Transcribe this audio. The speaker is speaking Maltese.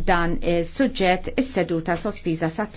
dan is-suġġett is-seduta sospiża sa'